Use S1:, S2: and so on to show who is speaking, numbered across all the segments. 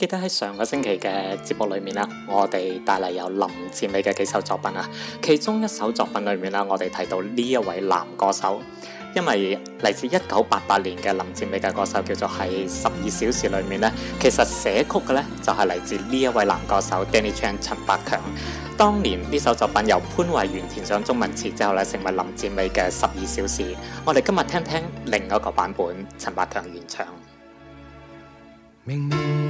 S1: 記得喺上個星期嘅節目裏面啦，我哋帶嚟有林志美嘅幾首作品啊，其中一首作品裏面啦，我哋提到呢一位男歌手，因為嚟自一九八八年嘅林志美嘅歌手叫做喺《十二小時》裏面呢，其實寫曲嘅呢，就係嚟自呢一位男歌手 Danny Chan 陳百強。當年呢首作品由潘維源填上中文詞之後呢，成為林志美嘅《十二小時》。我哋今日聽聽另一個版本，陳百強原唱。
S2: 明明。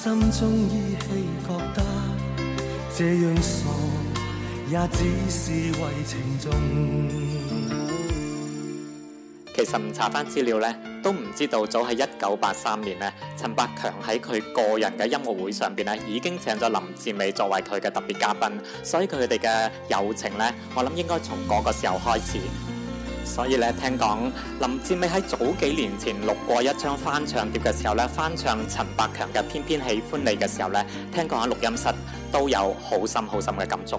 S2: 心中意，覺得這樣傻也只是為情中。
S1: 其實唔查翻資料咧，都唔知道早喺一九八三年咧，陳百強喺佢個人嘅音樂會上邊咧，已經請咗林志美作為佢嘅特別嘉賓，所以佢哋嘅友情咧，我諗應該從嗰個時候開始。所以呢，聽講林志美喺早幾年前錄過一張翻唱碟嘅時候呢，翻唱陳百強嘅《偏偏喜歡你》嘅時候呢，聽講喺錄音室都有好深好深
S2: 嘅感觸。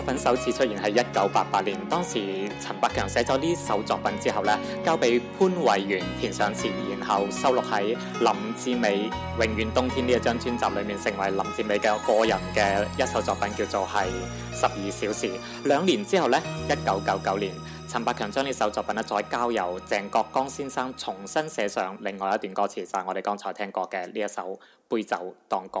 S1: 作品首次出現喺一九八八年，當時陳百強寫咗呢首作品之後咧，交俾潘偉源填上詞，然後收錄喺林志美《永遠冬天》呢一張專輯裏面，成為林志美嘅個人嘅一首作品，叫做係《十二小時》。兩年之後咧，一九九九年，陳百強將呢首作品咧再交由鄭國江先生重新寫上另外一段歌詞，就係我哋剛才聽過嘅呢一首《杯酒當歌》。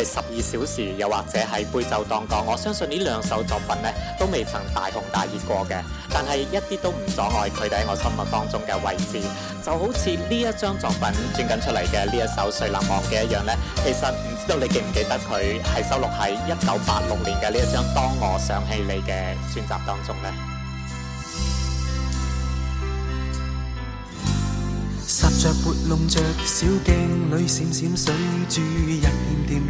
S1: 係十二小時，又或者係《杯酒當歌》，我相信呢兩首作品咧都未曾大紅大熱過嘅，但係一啲都唔阻礙佢哋喺我心目當中嘅位置。就好似呢一張作品轉緊出嚟嘅呢一首《誰能忘記》嘅一樣咧，其實唔知道你記唔記得佢係收錄喺一九八六年嘅呢一張《當我想起你》嘅專集當中咧。
S2: 拾着撥弄着小鏡裏閃閃水珠一片片。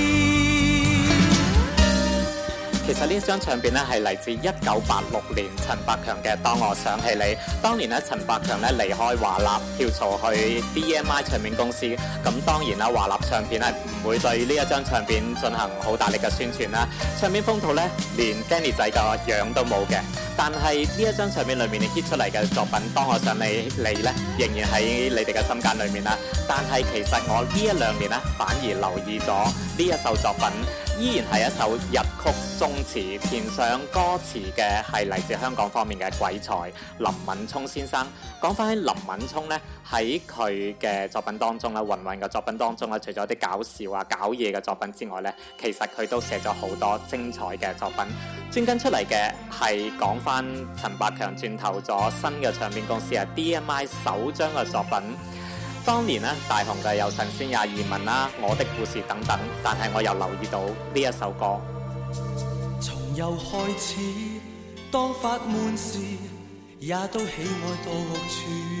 S1: 其實呢張唱片咧係嚟自一九八六年陳百強嘅《當我想起你》。當年咧，陳百強咧離開華納跳槽去 DMI 唱片公司，咁當然啦，華納唱片係唔會對呢一張唱片進行好大力嘅宣傳啦。唱片封套咧，連 Danny 仔個樣都冇嘅。但係呢一張唱片裏面你 hit 出嚟嘅作品，當我想你你咧，仍然喺你哋嘅心間裏面啦。但係其實我這一兩呢一兩年咧，反而留意咗呢一首作品，依然係一首日曲中詞，填上歌詞嘅係嚟自香港方面嘅鬼才林敏聰先生。講翻起林敏聰呢，喺佢嘅作品當中啦，芸芸嘅作品當中啦，除咗啲搞笑啊、搞嘢嘅作品之外咧，其實佢都寫咗好多精彩嘅作品。專登出嚟嘅係講翻陳百強轉投咗新嘅唱片公司啊，DMI 首張嘅作品。當年呢，大紅就有《神仙也移民》啦，《我的故事》等等，但係我又留意到呢一首歌。
S2: 從幼開始，當發悶時，也都喜愛到我處。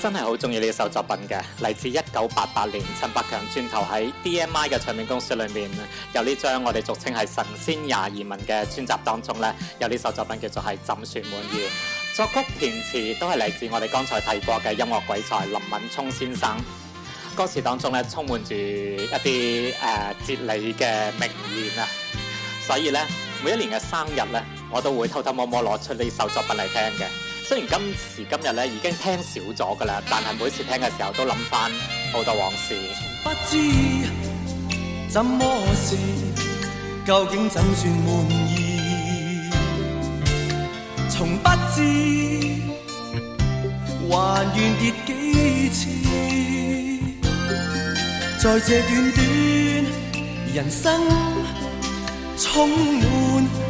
S1: 真係好中意呢首作品嘅，嚟自一九八八年，陳百強轉投喺 DMI 嘅唱片公司裏面，有呢張我哋俗稱係神仙也移民嘅專輯當中呢，有呢首作品叫做係怎算滿意，作曲填詞都係嚟自我哋剛才提過嘅音樂鬼才林敏聰先生，歌詞當中咧充滿住一啲誒、呃、哲理嘅名言啊，所以呢，每一年嘅生日呢，我都會偷偷摸摸攞出呢首作品嚟聽嘅。雖然今時今日呢已經聽少咗噶啦，但係每次聽嘅時候都諗翻好多往事。不知怎麼
S2: 說，究竟怎算滿意，從不知還願跌幾次，在這短短人生充滿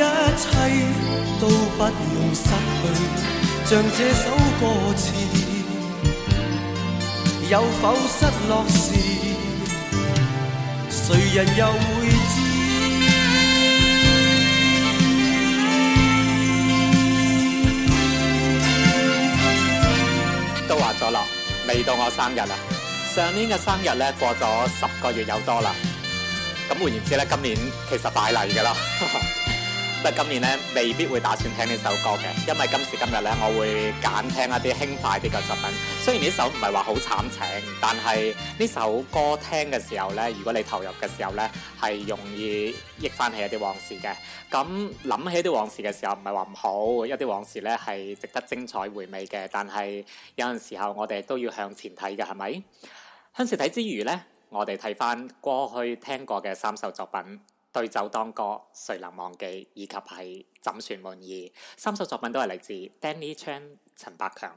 S2: 一切都不用失去像這首歌詞有否失落時誰人又會知
S1: 都話咗啦未到我生日啦上年嘅生日咧過咗十個月有多啦咁換言之咧今年其實快嚟噶啦 不過今年咧，未必會打算聽呢首歌嘅。因為今時今日咧，我會揀聽一啲輕快啲嘅作品。雖然呢首唔係話好慘情，但係呢首歌聽嘅時候咧，如果你投入嘅時候咧，係容易憶翻起一啲往事嘅。咁諗起啲往事嘅時候，唔係話唔好，一啲往事咧係值得精彩回味嘅。但係有陣時候我哋都要向前睇嘅，係咪？向前睇之餘咧，我哋睇翻過去聽過嘅三首作品。對酒當歌，誰能忘記？以及係怎算滿意？三首作品都係嚟自 Danny Chan 陳百強。